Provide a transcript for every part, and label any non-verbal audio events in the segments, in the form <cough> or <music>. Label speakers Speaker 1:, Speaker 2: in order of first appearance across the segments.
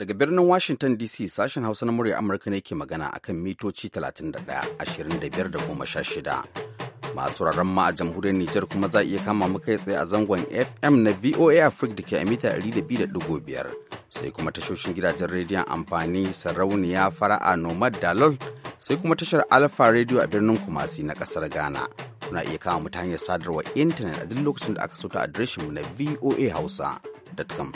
Speaker 1: Daga birnin Washington DC sashen Hausa na murya Amurka ne ke magana akan mitoci 31, 25 da 16. Masu raran ma a jamhuriyar Nijar kuma za iya kama mu kai tsaye a zangon FM na VOA Africa da ke a mita 200.5 sai kuma tashoshin gidajen rediyon amfani sarauniya fara'a nomad dalol sai kuma tashar Alpha Radio a birnin Kumasi na kasar Ghana. Kuna iya kama mu ta hanyar sadarwar intanet a duk lokacin da aka so ta adireshin mu na voa hausa.com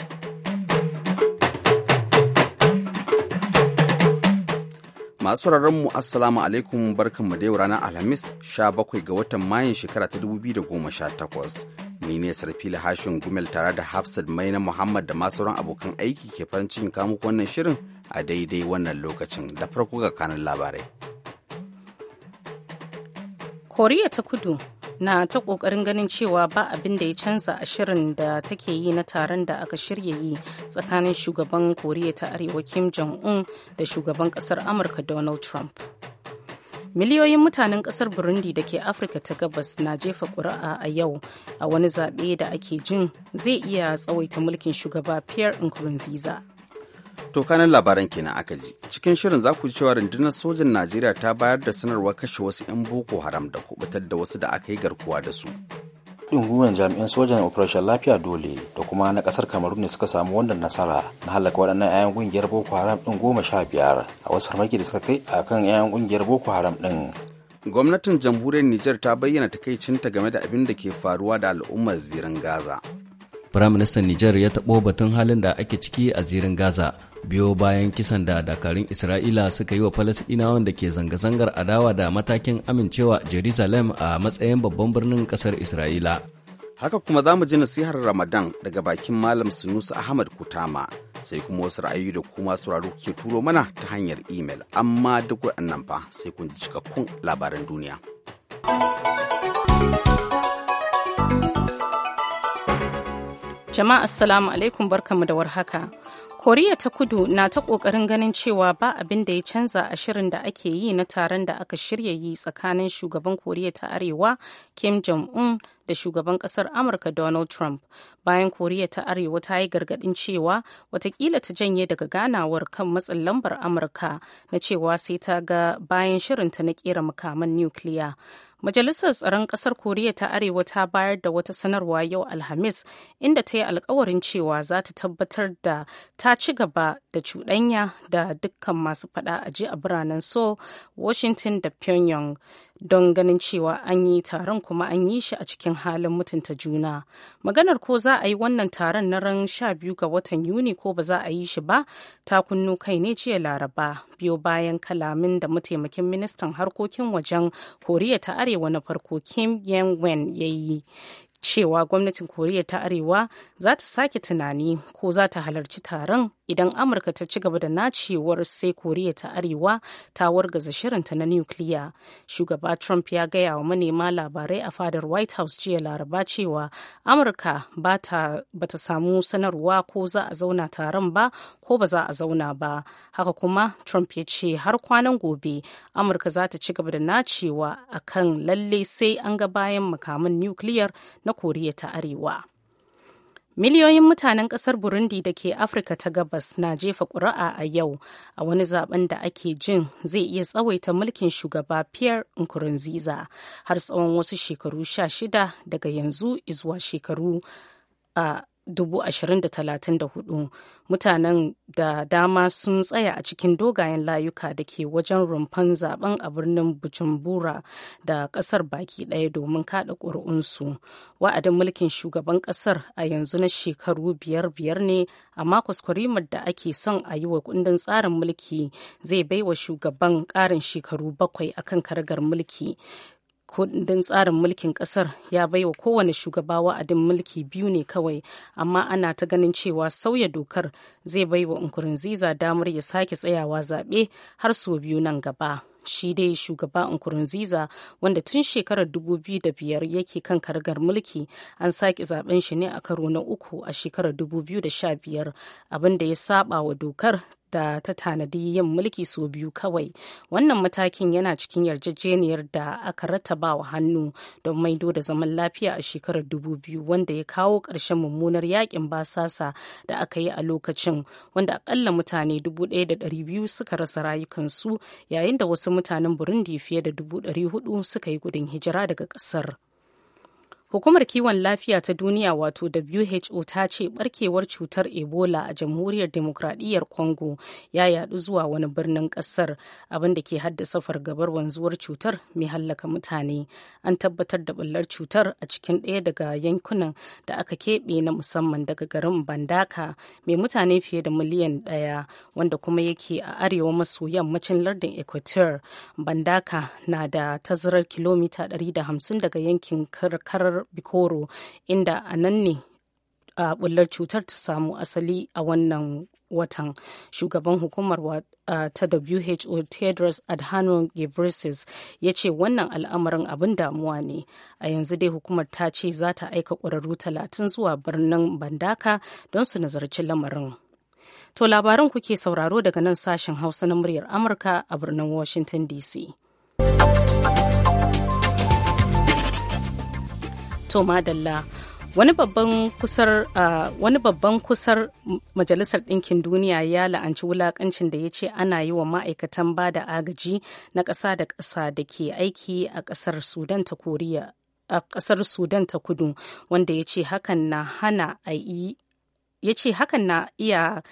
Speaker 1: Masu mu Assalamu alaikum mu da yau ranar Alhamis 17 ga watan Mayun shekara ta 2018. Ni ne Sarfila Hashin Gumel tare da mai na Muhammad da masu ran abokan aiki ke farin cikin kamuk wannan shirin a daidai wannan lokacin da farko ga kanan labarai.
Speaker 2: Koriya ta Kudu na ta kokarin ganin cewa ba abin da ya canza a shirin da take yi na taron da aka shirya yi tsakanin shugaban koriya ta arewa kim jong-un da shugaban kasar amurka donald trump miliyoyin mutanen kasar burundi da ke afirka ta gabas na jefa ƙuri'a a yau a wani zaɓe da ake jin zai iya tsawaita mulkin shugaba pierre nkurunziza
Speaker 1: To kanan labaran kenan aka ji. Cikin shirin za ku ji cewa rundunar sojan Najeriya ta bayar da sanarwar kashe wasu 'yan Boko Haram da kubutar da wasu da aka yi garkuwa
Speaker 3: da su. Ɗunguwan jami'an sojan Operation Lafiya Dole da kuma na ƙasar Kamaru ne suka samu wannan nasara na halaka waɗannan 'ya'yan ƙungiyar Boko Haram ɗin goma sha biyar a wasu farmaki da suka kai a kan 'ya'yan ƙungiyar Boko Haram ɗin.
Speaker 1: Gwamnatin jamhuriyar Nijar ta bayyana takaicinta game da abin da ke faruwa da al'ummar zirin Gaza.
Speaker 4: Firaministan Nijar ya taɓo batun halin da ake ciki a zirin Gaza biyo bayan kisan da dakarun isra'ila suka yi wa falasɗinawan da ke zanga-zangar adawa da matakin amincewa jerusalem a matsayin babban birnin ƙasar isra'ila
Speaker 1: haka kuma za mu ji nasihar ramadan daga bakin malam sunusa ahmad kutama sai kuma wasu ra'ayi da kuma sauraro ke turo mana ta hanyar imel amma duk waɗannan fa sai kun ji cikakkun labaran duniya
Speaker 2: jama'a assalamu alaikum barkamu da warhaka koriya ta kudu na ta kokarin ganin cewa ba abin da ya canza a shirin da ake yi na taron da aka shirya yi tsakanin shugaban koriya ta arewa kim jong-un da shugaban kasar amurka donald trump bayan koriya ta arewa ta yi gargadin cewa watakila ta janye daga ganawar kan matsin lambar amurka na cewa sai ta ga bayan shirinta na kera makaman nukiliya Majalisar Tsaron Ƙasar Koriya ta Arewa ta bayar da wata sanarwa yau Alhamis inda ta yi alkawarin cewa za ta tabbatar da ta ci gaba da cuɗanya da dukkan masu faɗa a ji a biranen Seoul, Washington da Pyongyang don ganin cewa an yi taron kuma an yi shi a cikin halin mutunta juna maganar ko za a yi wannan taron na ran biyu ga watan yuni ko ba za a yi shi ba ta kunnu kai ne jiya laraba biyo bayan kalamin da mataimakin ministan harkokin wajen koriya ta arewa na farko kim yen wen ya yi cewa gwamnatin koriya ta arewa za ta sake tunani ko za ta halarci taron idan amurka ta ci gaba da nacewar sai koriya ta arewa ta wargaza shirinta na nukiliya shugaba trump ya gaya wa manema labarai a fadar white house jiya laraba cewa amurka ba ta samu sanarwa ko za a zauna taron ba ko ba za a zauna ba haka kuma trump ya ce har kwanan gobe amurka za ta ci gaba da nacewa akan lalle sai an ga bayan makaman nukiliyar na koriya ta arewa Miliyoyin mutanen kasar Burundi da ke Afirka ta gabas na jefa ƙuri'a a yau a wani zaben da ake jin zai iya tsawaita mulkin shugaba Pierre Nkurunziza har tsawon wasu shekaru sha shida daga yanzu zuwa shekaru a 20,034 mutanen da dama sun tsaya a cikin dogayen layuka da ke wajen rumfan zaben a birnin bujumbura da kasar baki daya domin kada ƙuri'unsu wa'adin mulkin shugaban kasar a yanzu na shekaru biyar biyar ne amma kwaskwarimar da ake son a yi wa kundin tsarin mulki zai baiwa shugaban ƙarin shekaru bakwai akan karagar mulki kundin tsarin mulkin kasar ya baiwa kowane shugaba wa'adin mulki biyu ne kawai amma ana ta ganin cewa sauya dokar zai baiwa nkurunziza damar ya sake tsayawa zaɓe har sau biyu nan gaba shi dai shugaba nkurunziza wanda tun shekarar 2005 yake kan kargar mulki an sake zaben shi ne a karo na uku a shekarar 2015 abinda ya saba wa dokar da ta tanadi yin mulki sau biyu kawai wannan matakin yana cikin yarjejeniyar da aka rattabawa wa hannu don maido da zaman lafiya a shekarar dubu biyu wanda ya kawo ƙarshen mummunar yakin basasa da aka yi a lokacin wanda akalla mutane 1,200 suka rasa rayukansu yayin da wasu mutanen burundi fiye da 400 suka yi gudun hijira daga ƙasar. Hukumar kiwon lafiya ta duniya wato WHO ta ce barkewar cutar Ebola a jamhuriyar demokradiyyar Congo ya yadu zuwa wani birnin kasar abinda ke haddasa fargabar wanzuwar cutar mai hallaka mutane. An tabbatar da bullar cutar a cikin ɗaya daga yankunan da aka keɓe na musamman daga garin Bandaka mai mutane fiye da miliyan ɗaya wanda kuma yake a arewa maso yammacin lardin Equateur. Bandaka na da tazarar kilomita 150 daga yankin karkarar Bikoro inda a nan ne a bullar cutar ta samu asali a wannan watan shugaban hukumar ta who tedros adhanom ghebreyesus ya ce wannan al'amarin abin damuwa ne a yanzu dai hukumar ta ce za ta aika ƙwararru talatin zuwa birnin bandaka don su nazarci lamarin to labaran kuke sauraro daga nan sashen hausa na muryar amurka a birnin washington dc to madalla wani babban kusar wani babban kusar majalisar ɗinkin duniya ya la'anci wulakancin da ya ce ana yi wa ma'aikatan ba da agaji na ƙasa da ƙasa da ke aiki a ƙasar sudan ta koriya a ƙasar sudan ta kudu wanda ya ce hakan na hana a yi ya ce hakan na iya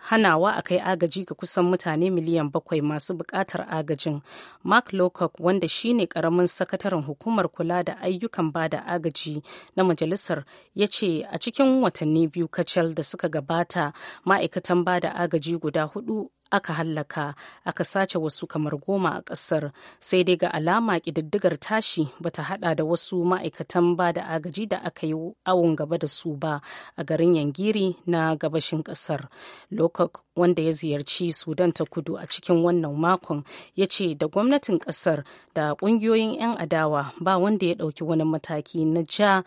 Speaker 2: hanawa a kai agaji ga kusan mutane miliyan bakwai masu bukatar agajin mark lowcock wanda shine karamin sakataren hukumar kula da ayyukan bada agaji na majalisar ya ce a cikin watanni biyu kacal da suka gabata ma'aikatan bada agaji guda hudu aka hallaka aka sace wasu kamar goma a ƙasar sai dai ga alama ƙididdigar tashi bata hada da wasu ma'aikatan ba da agaji da aka yi awon gaba da su ba a garin yangiri na gabashin ƙasar lokok wanda ya ziyarci sudan ta kudu a cikin wannan makon ya ce da gwamnatin ƙasar da ƙungiyoyin 'yan adawa ba wanda ya ɗauki wani mataki na ja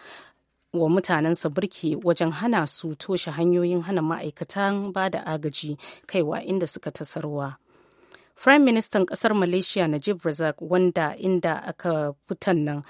Speaker 2: wa mutanensa birki wajen hana su toshe hanyoyin hana ma'aikatan ba da agaji kaiwa inda suka tasarwa. Prime Ministan kasar Malaysia Najib Razak wanda inda aka fitan nan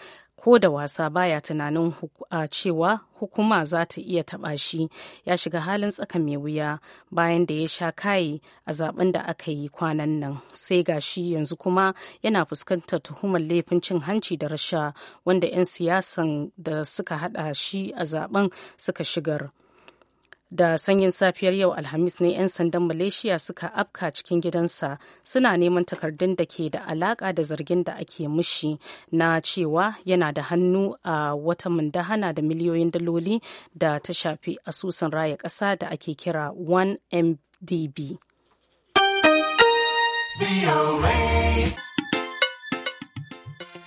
Speaker 2: ko da wasa baya tunanin a cewa hukuma za ta iya taɓa shi ya shiga halin tsaka mai wuya bayan da ya sha kayi a zaben da aka yi kwanan nan sai ga shi yanzu kuma yana fuskantar tuhumar laifin cin hanci da rasha wanda 'yan siyasan da suka haɗa shi a zaben suka shigar da sanyin safiyar yau alhamis ne 'yan sandan malaysia suka afka cikin gidansa suna neman takardun da ke da alaka da zargin da ake mushi na cewa yana da hannu a wata mundahana da miliyoyin daloli da ta shafi asusun raya ƙasa da ake kira 1mdb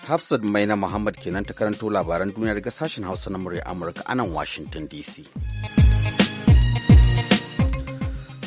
Speaker 1: Hafsat na Muhammad kenan ta karanto labaran duniya daga sashen Hausa na murya Amurka anan Washington DC.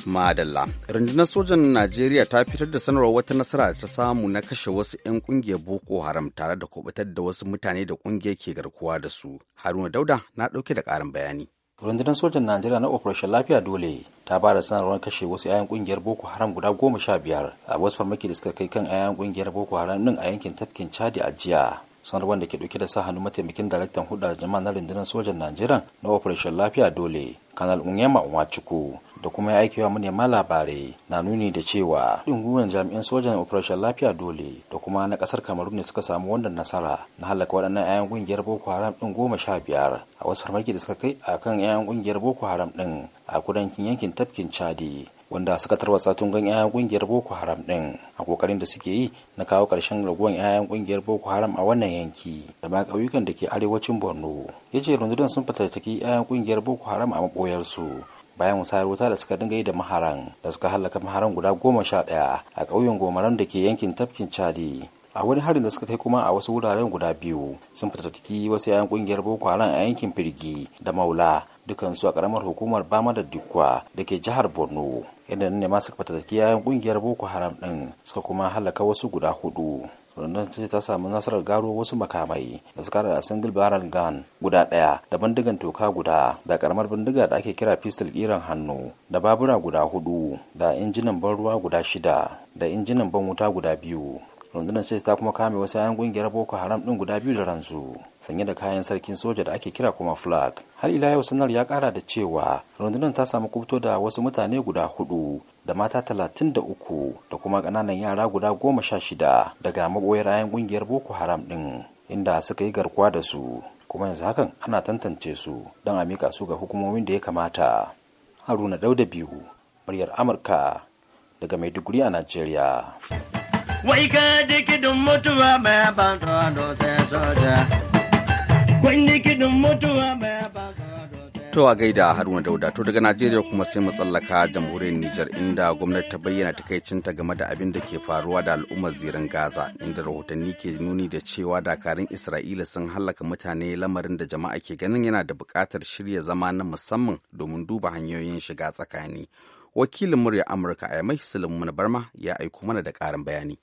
Speaker 1: Madalla. Rundunar sojan Najeriya ta fitar da sanarwar wata nasara da ta samu na kashe wasu 'yan kungiyar Boko Haram tare da kubutar da wasu mutane da kungiyar ke garkuwa da
Speaker 3: su. Haruna Dauda na ɗauke da ƙarin bayani. rundunar sojan najeriya na operation lafiya dole ta ba da sanarwar kashe wasu 'ya'yan kungiyar boko haram guda goma sha biyar a wasu farmaki da suka kai kan 'ya'yan kungiyar boko haram nan a yankin tafkin chadi a jiya sanarwar da ke dauke da sa hannu mataimakin daraktan hudu jama'a na rundunar sojan najeriya na operation lafiya dole kanal unyema unwachuku da kuma ya aikewa manema labarai na nuni da cewa ɗunguwan jami'an sojan operation lafiya dole da kuma na ƙasar kamaru ne suka samu wannan nasara na halaka waɗannan 'ya'yan ƙungiyar boko haram ɗin goma sha biyar a wasu farmaki da suka kai a kan 'ya'yan ƙungiyar boko haram ɗin a kudancin yankin tafkin chadi wanda suka tarwatsa tungan 'ya'yan ƙungiyar boko haram ɗin a kokarin da suke yi na kawo ƙarshen raguwan 'ya'yan ƙungiyar boko haram a wannan yanki da ma ƙauyukan da ke arewacin borno ya ce rundunar sun fatattaki 'ya'yan ƙungiyar boko haram a maɓoyarsu bayan musayar wuta da suka dinga yi da maharan da suka hallaka maharan guda goma sha ɗaya a ƙauyen gomaran da ke yankin tafkin chadi a wani harin da suka kai kuma a wasu wuraren guda biyu sun fita fitattaki wasu yayan kungiyar boko haram a yankin firgi da maula dukansu a karamar hukumar bama da dukwa da ke jihar borno yadda nan ne ma suka fita fitattaki yayan kungiyar boko haram din suka kuma halaka wasu guda hudu rundunar ce ta samu nasarar garo wasu makamai da suka da single barrel gun guda ɗaya da bindigan toka guda da karamar bindiga da ake kira pistol kiran hannu da babura guda hudu da injinan ban ruwa guda shida da injinan ban wuta guda biyu rundunar sai ta kuma kame wasu yayan kungiyar boko haram din guda biyu da ransu sanye da kayan sarkin soja da ake kira kuma flag har ila yau sanar ya kara da cewa rundunar ta samu kubuto da wasu mutane guda hudu da mata talatin da uku da kuma kananan yara guda goma sha shida daga maboyar yayan kungiyar boko haram din inda suka yi garkuwa da su kuma yanzu hakan ana tantance su don a mika su ga hukumomin da ya kamata haruna dauda biyu muryar amurka daga maiduguri a nigeria.
Speaker 5: wai
Speaker 6: ka ji mutuwa mai soja. mutuwa mai
Speaker 1: To a gaida Haruna Dauda to daga Najeriya kuma sai mu tsallaka jamhuriyar Nijar inda gwamnati ta bayyana takaicinta game da abin da ke faruwa da al'ummar zirin Gaza inda rahotanni ke nuni da cewa dakarun Isra'ila sun hallaka mutane lamarin da jama'a ke ganin yana da buƙatar shirya zama na musamman domin duba hanyoyin shiga tsakani. Wakilin murya Amurka a Yamai Sulaiman Barma ya aiko mana da ƙarin bayani.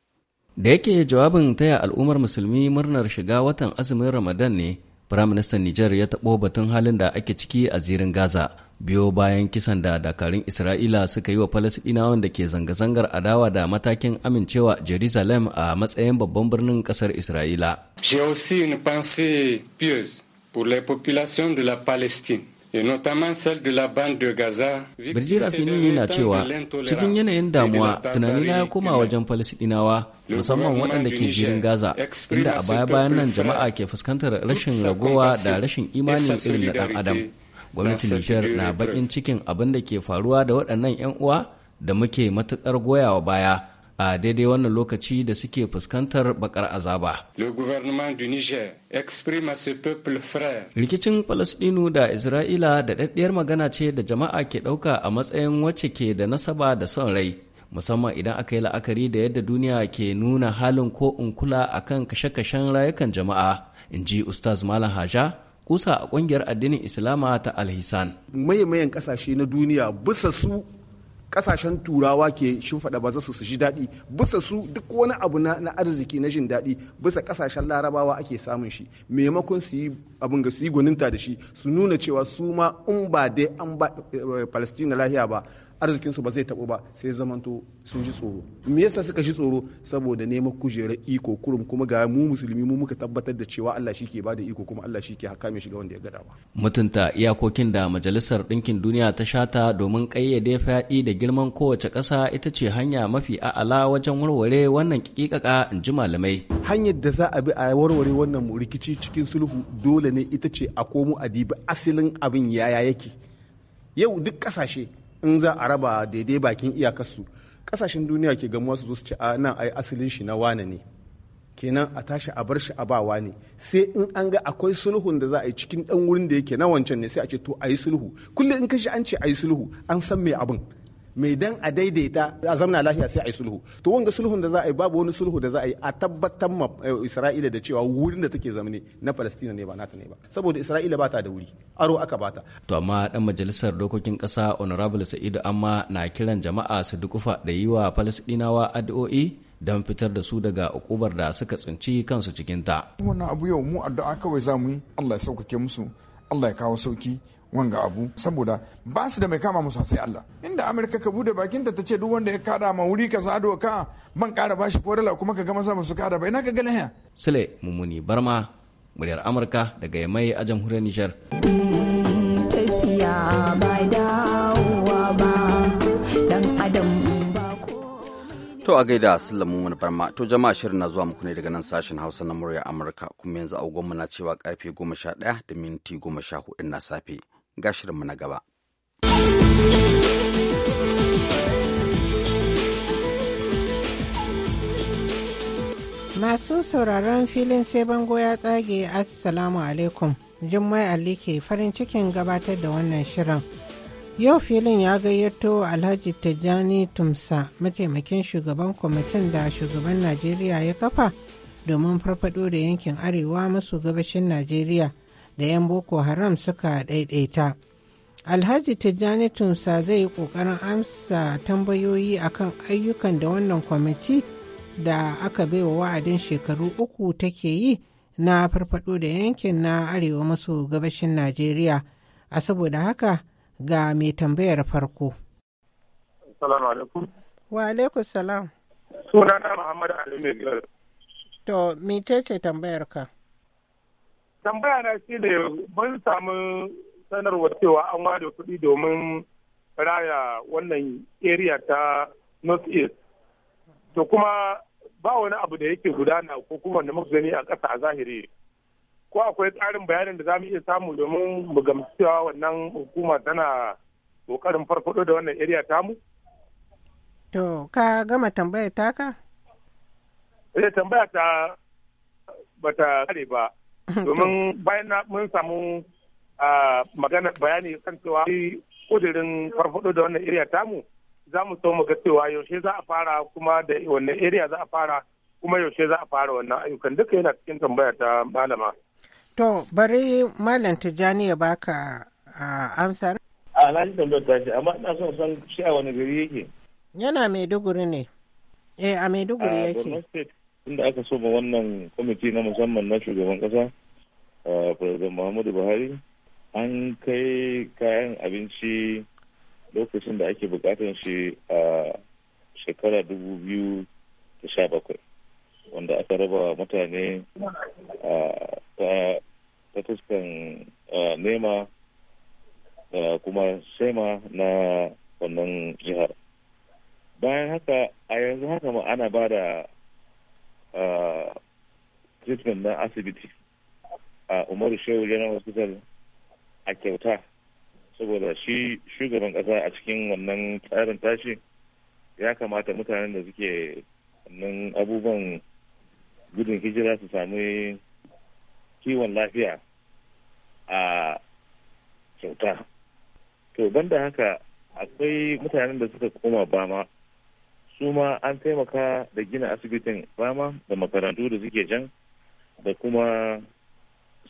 Speaker 4: da yake jawabin taya al'ummar musulmi murnar shiga watan azumin ramadan ne firaministan nijar ya taɓo batun halin da ake ciki a zirin gaza biyo bayan kisan da dakarun isra'ila suka yi wa falasɗinawan da ke zanga-zangar adawa da matakin amincewa jerusalem a matsayin babban birnin ƙasar isra'ila
Speaker 3: j'ai aussi une pensée pieuse pour les populations de la palestine Birjir Afini na cewa cikin yanayin damuwa
Speaker 4: tunanina ya koma wajen Falasɗinawa musamman waɗanda ke jirin Gaza inda a baya-bayan nan jama'a ke fuskantar rashin ragowa da rashin imanin irin da ɗan adam. Gwamnatin Nijar na baƙin cikin abin da ke faruwa da waɗannan 'yan uwa da muke matuƙar goyawa baya. a daidai wannan lokaci da suke fuskantar bakar azaba. Rikicin Falasɗinu da Isra'ila da daɗaɗɗiyar magana ce da jama'a ke ɗauka a matsayin wacce ke da nasaba da son rai. musamman idan aka yi la'akari da yadda duniya ke nuna halin ko in kula a kan kashe-kashen rayukan jama'a in ji ustaz malam haja kusa a ƙungiyar addinin islama ta alhisan
Speaker 7: mayan kasashe na duniya bisa su kasashen turawa ke shimfiɗa ba za su ji daɗi bisa su duk wani abu na, arziki na jin daɗi bisa kasashen larabawa ake samun shi maimakon su yi abin ga su yi gwaninta da shi su nuna cewa su ma in ba dai an ba eh, palestina lahiya ba arzikinsu ba zai taɓo ba sai zamanto sun ji tsoro me yasa suka ji tsoro saboda neman kujerar iko kurum kuma ga mu musulmi mu muka tabbatar da cewa Allah shi ke bada iko kuma Allah shi ke hakame shi ga wanda ya gada ba
Speaker 4: mutunta iyakokin da majalisar ɗinkin duniya ta shata domin kayyade faɗi da girman kowace ƙasa ita ce hanya mafi a'ala wajen warware wannan kikaka in ji malamai
Speaker 7: hanyar da za a bi a warware wannan rikici cikin sulhu dole ne ita ce a komo a dibi asalin abin yaya yake yau duk ƙasashe in za a raba daidai bakin iyakarsu kasashen duniya ke gamuwa su zo su ce a nan ai asalin shi na wane ne kenan a tashi a bar shi a bawa ne sai in an ga akwai sulhun da za a yi cikin dan wurin da yake na wancan ne sai a ce to a yi sulhu kullum in kashi an ce a yi sulhu an san me abin mai dan a daidaita a zamna lafiya sai a yi sulhu to wanga sulhun da za a yi babu wani sulhu da za a yi a tabbatar ma eh, isra'ila da cewa wurin da take zamani na palestina ne ba nata ne ba saboda isra'ila ba ta da wuri aro aka bata
Speaker 4: to amma dan majalisar dokokin kasa honorable sa'idu amma na kiran jama'a su dukufa da yi wa palestinawa addu'o'i don fitar da su daga ukubar da suka tsinci kansu cikinta.
Speaker 7: Wannan abu yau mu addu'a kawai za mu yi Allah ya sauƙaƙe musu Allah ya kawo sauki wanga abu saboda ba su da mai kama musu sai Allah inda Amurka ka bude bakinta ta ce duk wanda ya kada ma wuri ka sa doka ban kara ba shi dala kuma ka ga masa su kada ba ina ka gane ya
Speaker 4: Sule Mumuni Barma muryar Amurka daga Yamai a jamhuriyar Nijar
Speaker 8: tafiya ba dawowa ba
Speaker 6: dan adam
Speaker 1: To a gaida Sallamu wani barma to jama'a shirin na zuwa muku ne daga nan sashen Hausa na murya Amurka kuma yanzu agogonmu na cewa karfe ɗaya da minti hudu na safe. ga shirinmu na gaba.
Speaker 5: Masu sauraron filin sai bango ya tsage Assalamu alaikum. Jummai Ali ke farin cikin gabatar da wannan shirin. Yau filin ya gayyato Alhaji Tijjani Tumsa, mataimakin shugaban kwamitin da shugaban Najeriya ya kafa domin farfado da yankin Arewa maso gabashin Najeriya. da 'yan boko haram suka daidaita alhaji tijjani tunsa zai yi kokarin amsa tambayoyi akan ayyukan da wannan kwamiti da aka baiwa wa'adin shekaru uku take yi na farfado da yankin na arewa maso gabashin najeriya a saboda haka ga mai tambayar farko wa alaikum salam to mece tambayar ka
Speaker 9: tambaya na shi ne mun samu sanarwar cewa an ware kuɗi domin raya wannan area ta north east to kuma ba wani abu da yake gudana ko kuma wanda muka gani a ƙasa a zahiri ko akwai tsarin bayanin da za mu iya samu domin mu gamsu cewa wannan hukuma tana ƙoƙarin farfaɗo da wannan area mu?
Speaker 5: To, ka gama tambayar taka?
Speaker 9: Eh, tambaya ta bata kare ba.
Speaker 5: <laughs> domin
Speaker 9: bayan mun samu magana bayani kan cewa kudirin farfado da wannan iriya tamu za mu so mu ga cewa yaushe za a fara kuma da wannan iriya za a fara kuma yaushe za a fara wannan ayyukan duka yana cikin tambaya ta malama.
Speaker 5: To bari malam Tijjani ya baka amsar.
Speaker 10: A na ji tambayar ta ce amma ina son san shi a wani gari yake.
Speaker 5: Yana Maiduguri ne. Eh a Maiduguri yake.
Speaker 10: inda aka soma wannan kwamiti na musamman na shugaban kasa president muhammadu buhari an kai kayan abinci lokacin da ake bukatar shi a shekara dubu biyu da sha bakwai wanda aka raba mutane ta fuskan nema da kuma sema na wannan jihar bayan haka a yanzu haka ma ana ba da treatment na asibiti a umaru shehu general hospital a kyauta saboda shi shugaban kasa a cikin wannan tsarin tashi ya kamata mutanen da suke wannan abubuwan gudun hijira su sami kiwon lafiya a kyauta to banda haka akwai mutanen da suka koma ba ma. su ma an taimaka da gina asibitin rama da makarantu da suke jan da kuma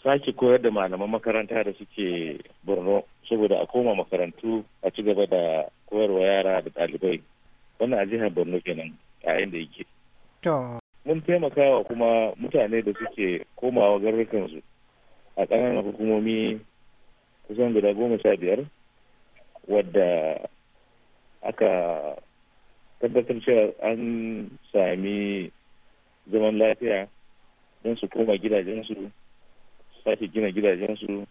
Speaker 10: sake koyar da malaman makaranta da suke borno saboda a koma makarantu a ci gaba da koyarwa yara da ɗalibai wannan a jihar borno kenan a inda yake mun taimakawa kuma mutane da suke komawa garurukansu a ƙananan hukumomi kusan guda goma sha biyar wadda aka tabbatar cewa an sami zaman lafiya don su koma gidajensu sake gina gidajensu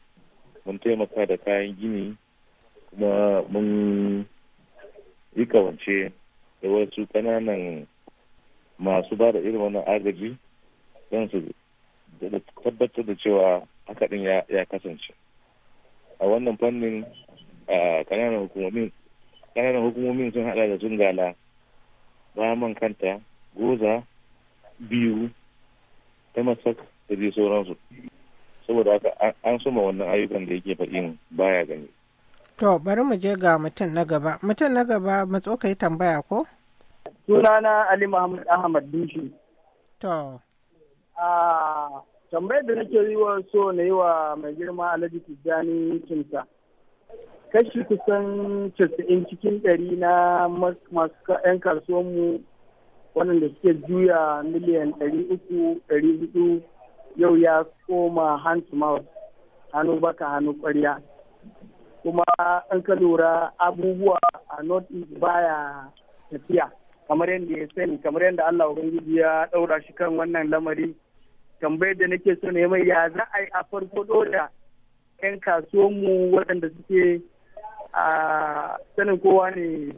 Speaker 10: mun taimaka da kayan gini kuma mun yi kawance da wasu kananan masu ba da irin wannan agaji don su tabbatar da cewa haka din ya kasance a wannan fannin kananan hukumomin sun hada da sun gala man kanta goza biyu ta masak da dai sauransu saboda haka an suma wannan ayyukan da yake faɗin baya gani
Speaker 5: to bari mu je ga mutum na gaba mutum na gaba matso ka yi tambaya ko sunana
Speaker 9: ali muhammad ahmad dushi to a tambayar da nake yi wa so na yi wa mai girma alhaji tijjani kinta kashi kusan casa'in cikin ɗari na masu 'yan kasuwanmu waɗanda suke juya miliyan dari uku dari hudu yau ya koma hand to mouth hannu baka hannu ƙwarya kuma an ka lura abubuwa a north east baya tafiya kamar yadda ya sani kamar yadda Allah Ubangiji ya ɗaura shi kan wannan lamari tambayar da nake so ne mai ya za a yi a farko da 'yan kasuwanmu waɗanda suke a sanin kowa ne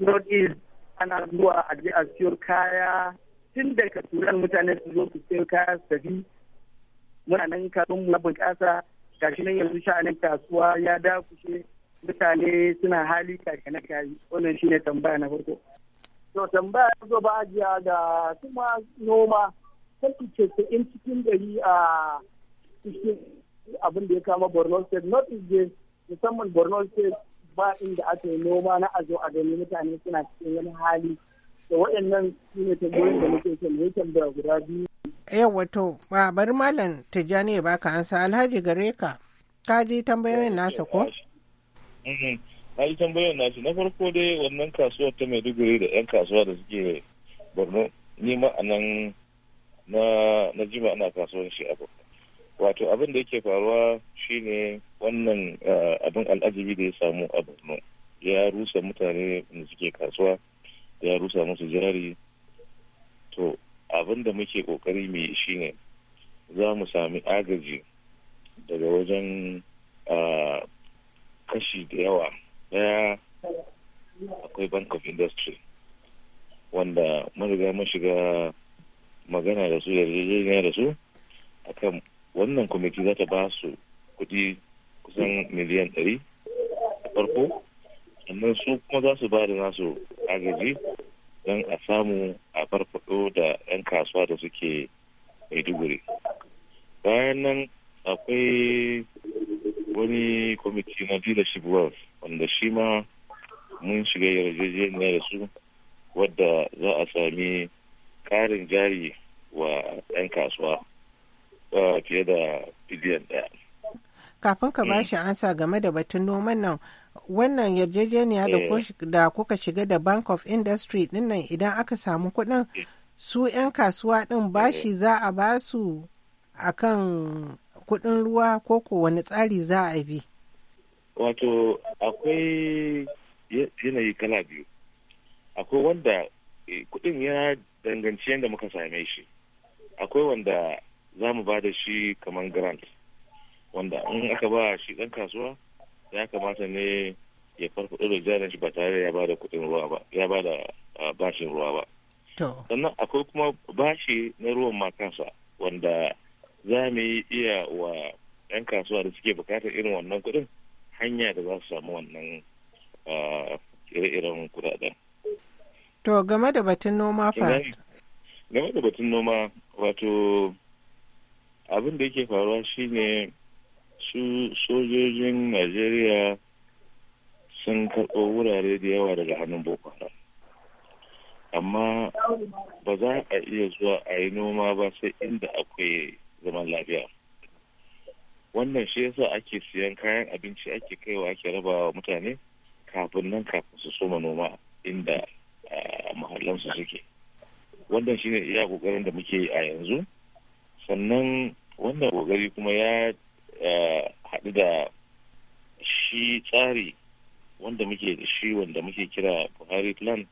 Speaker 9: north east ana zuwa a je a siyo kaya tun daga turan mutane su zo su siyo kaya su tafi muna nan kasuwan mu na bunƙasa gashi nan yanzu sha'anin kasuwa ya dakushe mutane suna hali kaka na kayi wannan shine tambaya na farko to tambaya ta zo ba ajiya da kuma noma ta in cikin gari a cikin abin da ya kama borno state north east musamman borno ce ba inda aka yi noma na azo a gani mutane suna cikin wani hali da waɗannan su ne tambayoyin da muke son ya tambaya
Speaker 10: guda biyu.
Speaker 5: yawa wato ba bari malam tijjani ya baka ansa alhaji gare ka ka ji tambayoyin nasa ko.
Speaker 10: Mm-hmm. na ji tambayoyin nasu na farko dai wannan kasuwar ta maiduguri da 'yan kasuwa da suke borno ni ma a nan na jima ana kasuwar shi abu wato abin da yake faruwa shine wannan eh, abin al'ajabi da ya samu a borno ya rusa mutane da suke kasuwa ya rusa musu jari to abin da muke kokari mai shine za mu sami agaji daga wajen kashi da yawa daya akwai bank of industry wanda mun riga mun shiga magana da su yarjejeniya da su akan wannan kwamiti za ta ba su kuɗi kusan miliyan ɗari a farko sannan su kuma za su ba da nasu agaji don a samu a farfado da 'yan kasuwa da suke maiduguri bayan nan akwai wani kwamiti na leadership wealth wanda shi ma mun shiga yarjejeniya da su wadda za a sami karin jari wa 'yan kasuwa fiye da biliyan ɗaya
Speaker 5: kafin ka mm. bashi ansa game da batun noman nan wannan yarjejeniya da eh. kuka shiga da bank of industry dinnan idan aka samu kudin eh. su 'yan kasuwa din bashi eh. za a ba su a kan ruwa ko ko wani tsari za a bi
Speaker 10: wato akwai yanayi kala biyu akwai wanda kudin ya danganci yadda muka same shi akwai wanda za mu ba da shi kamar grant wanda in aka ba shi dan kasuwa ya kamata ne ya farfaɗo da jarin shi ba tare da ya bada kuɗin ruwa ba ya bada bashin ruwa ba sannan akwai kuma bashi na ruwan ma kansa wanda za mu yi iya wa 'yan kasuwa da suke bukatar irin wannan kuɗin hanya da za su samu wannan ire-iren kuɗaɗen.
Speaker 5: To game da batun noma fa?
Speaker 10: Game da batun noma wato abin da yake faruwa shine su sojojin najeriya sun karɓo wurare da yawa daga hannun boko haram amma ba za a iya zuwa a yi noma ba sai inda akwai zaman lafiya wannan shi yasa ake siyan kayan abinci ake kaiwa ake raba wa mutane kafin nan kafin su soma noma inda mahallansu suke wannan ne iya kokarin da muke a yanzu sannan wannan kokari kuma ya Eh, haɗu da shi tsari wanda muke da shi wanda muke kira buhari plan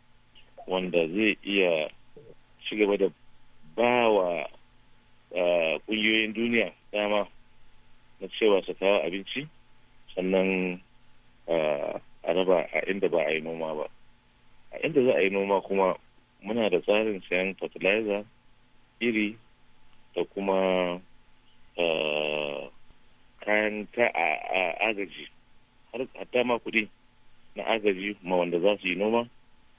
Speaker 10: wanda zai iya ci gaba da ba wa eh, ƙungiyoyin duniya dama na cewa su kawo abinci sannan eh, a raba a inda ba a yi noma ba a inda za a yi noma kuma muna da tsarin sayan fertilizer iri da kuma kayan ta agaji har hatta ma kuɗi na agaji ma wanda za su yi noma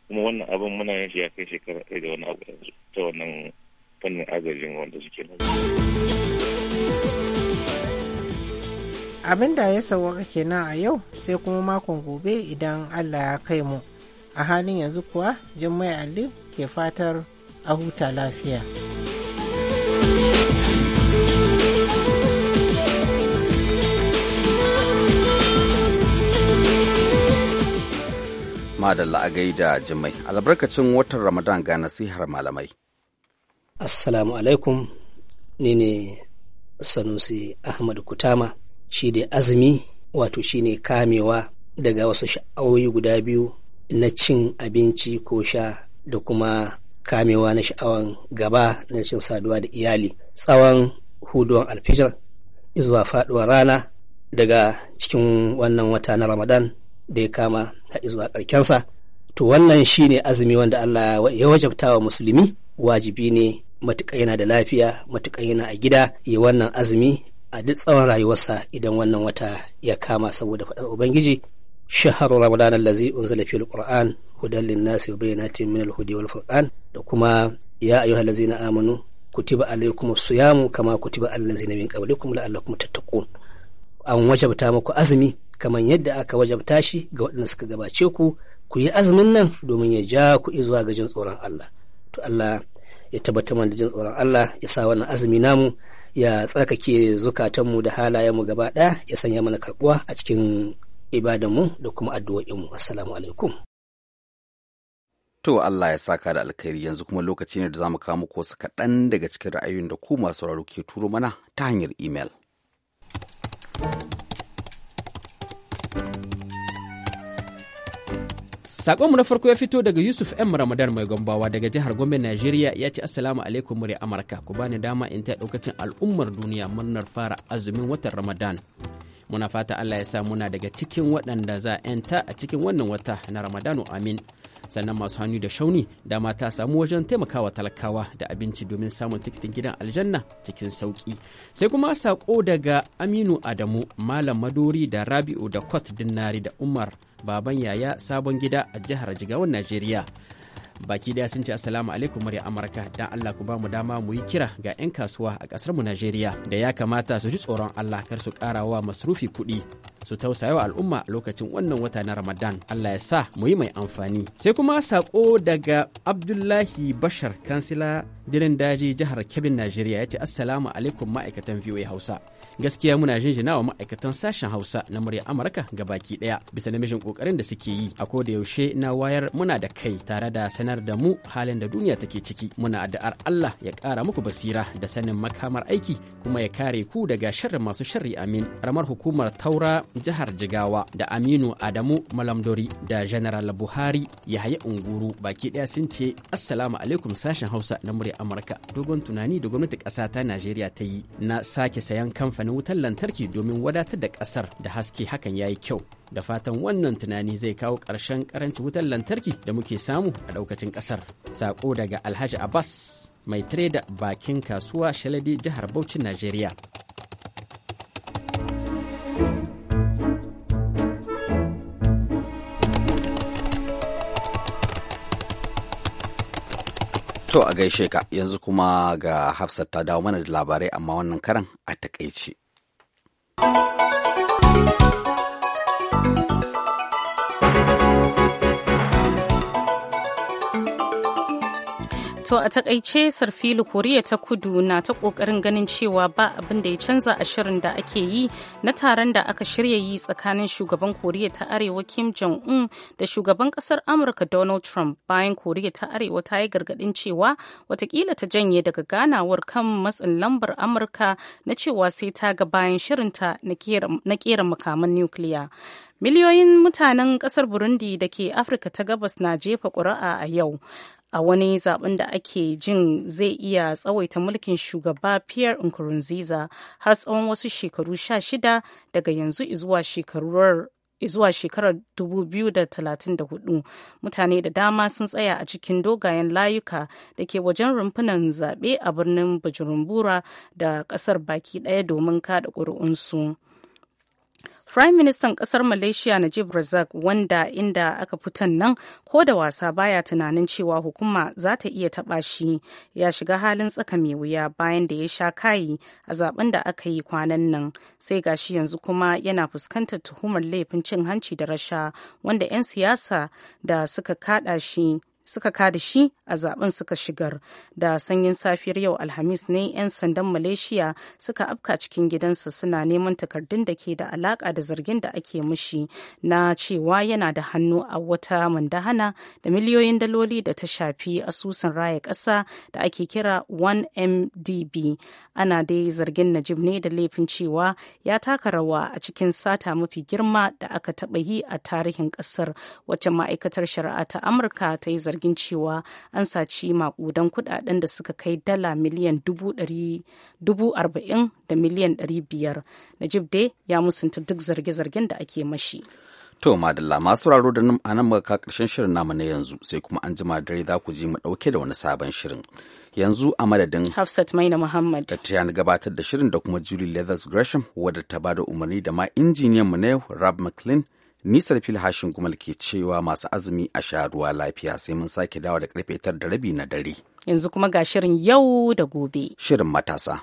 Speaker 10: kuma wannan abin muna yin shi ya kai shekara ɗaya da wani abu yanzu ta wannan fannin agajin wanda suke noma.
Speaker 5: abin da ya sauwaka kenan a yau sai kuma makon gobe idan allah ya kai mu a halin yanzu kuwa jimmai ali ke fatar a huta lafiya.
Speaker 1: da la'agai da jimai albarkacin watan ramadan ga nasihar malamai
Speaker 6: assalamu alaikum ni ne sanusi ahmad kutama shi da azumi wato shi ne kamewa daga wasu sha'awoyi guda biyu na cin abinci ko sha da kuma kamewa na sha'awan gaba na cin saduwa da iyali tsawon huduwan alfijar zuwa faduwar rana daga cikin wannan wata na ramadan da ya kama haɗi zuwa ƙarkensa to wannan shine azumi wanda Allah ya wajabta wa musulmi wajibi ne matuƙa yana da lafiya matuƙa yana a gida ya wannan azumi a duk tsawon rayuwarsa idan wannan wata ya kama saboda faɗar ubangiji shahar ramadan allazi unzila fil qur'an hudan linnasi wa bayyinatin min al-hudi wal furqan da kuma ya na amanu kutiba alaikum siyamu kama kutiba allazina min qablikum la'allakum tattaqun an wajabta muku azumi kamar yadda aka wajabta shi ga waɗanda suka gabace ku ku yi azumin nan domin ya ja ku zuwa ga jin tsoron Allah to Allah ya tabbatar mana da jin tsoron Allah ya sa wannan azumi namu ya tsarkake zukatanmu da halayenmu gaba ɗaya ya sanya mana karɓuwa a cikin ibadanmu da kuma addu'o'inmu assalamu alaikum
Speaker 1: To Allah ya saka da alkhairi yanzu kuma lokaci ne da za mu kawo muku wasu kaɗan daga cikin ra'ayoyin da ku masu sauraro ke turo mana ta hanyar imel.
Speaker 8: Sakonmu na farko ya fito daga Yusuf M. Ramadan mai gombawa daga jihar Gombe, Najeriya ya ce Assalamu alaikum muri Amurka ku bani dama in ta daukacin al'ummar duniya murnar fara azumin watan Ramadan. Muna fata Allah ya sa muna daga cikin waɗanda za 'yanta a cikin wannan wata na Ramadanu amin. sannan masu hannu da shauni dama ta samu wajen taimakawa talakawa da abinci domin samun tikitin gidan aljanna cikin sauki sai kuma sako daga aminu adamu malam madori da rabi'u da kwat dinari da umar baban yaya sabon gida a jihar jigawan najeriya baki daya sun ce assalamu alaikum murya amurka dan allah ku bamu dama mu yi kira ga 'yan kasuwa a kasar mu najeriya da ya kamata su ji tsoron allah kar su ƙara wa masrufi kuɗi su tausaya wa al'umma lokacin wannan wata na Ramadan. Allah ya sa mu yi mai amfani. Sai kuma sako daga Abdullahi Bashar kansila dirin daji jihar Kebbi Najeriya ya ce Assalamu alaikum ma'aikatan VOA Hausa. gaskiya muna jinjina wa ma'aikatan sashen hausa na murya amurka ga baki daya bisa namijin kokarin da suke yi a ko da yaushe na wayar muna da kai tare da sanar da mu halin da duniya take ciki muna addu'ar allah ya kara muku basira da sanin makamar aiki kuma ya kare ku daga sharrin masu sharri amin ramar hukumar taura jihar jigawa da aminu adamu malamdori da general buhari yahaya unguru baki daya sun ce assalamu alaikum sashen hausa na murya amurka dogon tunani da gwamnati ƙasa ta najeriya ta yi na sake sayan kamfanin amfanin wutar lantarki domin wadatar da ƙasar da haske hakan ya yi kyau da fatan wannan tunani zai kawo ƙarshen ƙarancin wutar lantarki da muke samu a ɗaukacin ƙasar sako daga alhaji abbas mai da bakin kasuwa shaladi jihar Bauchin najeriya
Speaker 1: To a gaishe ka yanzu kuma ga Hafsat ta dawo mana da labarai amma wannan karan a takaice.
Speaker 2: To a takaice sarfilu Koriya ta kudu na ta kokarin ganin cewa ba abin da ya canza a shirin da ake yi na taron da aka shirya yi tsakanin shugaban Koriya ta Arewa Kim Jong-un da shugaban kasar Amurka Donald Trump bayan Koriya ta Arewa ta yi gargadin cewa watakila ta janye daga ganawar kan matsin lambar Amurka na cewa sai ta ga bayan shirinta na kera makaman nukiliya. Miliyoyin mutanen kasar Burundi da ke Afirka ta gabas na jefa ƙuri'a a yau a wani zaben da ake jin zai iya tsawaita mulkin shugaba pierre nkurunziza har tsawon wasu shekaru sha shida daga yanzu zuwa shekarar 2034 mutane da dama sun tsaya a cikin dogayen layuka da ke wajen rumfunan zaɓe a birnin bujumbura da ƙasar baki ɗaya domin kaɗa ƙuri'unsu. Prime Minister kasar Malaysia Najib Razak wanda inda aka fitan nan ko da wasa baya tunanin cewa hukuma za ta iya taba shi ya shiga halin tsaka mai wuya bayan da ya sha kayi a zaben da aka yi kwanan nan sai gashi yanzu kuma yana fuskantar tuhumar laifin cin hanci da rasha wanda 'yan siyasa da suka kada shi suka kada shi a zaben suka shigar da sanyin safiyar yau alhamis ne 'yan sandan malaysia suka afka cikin gidansa suna neman takardun da ke da alaka da zargin da ake mushi na cewa yana da hannu a wata mandahana da miliyoyin daloli da ta shafi asusun raya ƙasa da ake kira 1mdb ana dai zargin najib ne da laifin cewa ya taka rawa a cikin sata mafi girma da aka taɓa yi a tarihin ƙasar wacce ma'aikatar shari'a ta amurka ta yi zargin zargin cewa an saci makudan kudaden da suka kai dala miliyan dubu arba'in da miliyan ɗari biyar najib dai ya musanta duk zarge-zargen da ake mashi
Speaker 1: To madalla masu raro da nan anan ka karshen shirin namu na yanzu sai kuma an jima dare za ku ji mu dauke da wani sabon shirin. Yanzu a madadin Hafsat Maina Muhammad da ta gabatar da shirin da kuma Julie Leathers Gresham wadda ta bada umarni da ma injiniyan mu na yau Rab McLean Nisar fil hashin gumal ke cewa masu azumi a sha ruwa lafiya sai mun sake dawo da karfe tar da rabi na dare.
Speaker 2: Yanzu kuma ga shirin yau da
Speaker 1: gobe. Shirin matasa.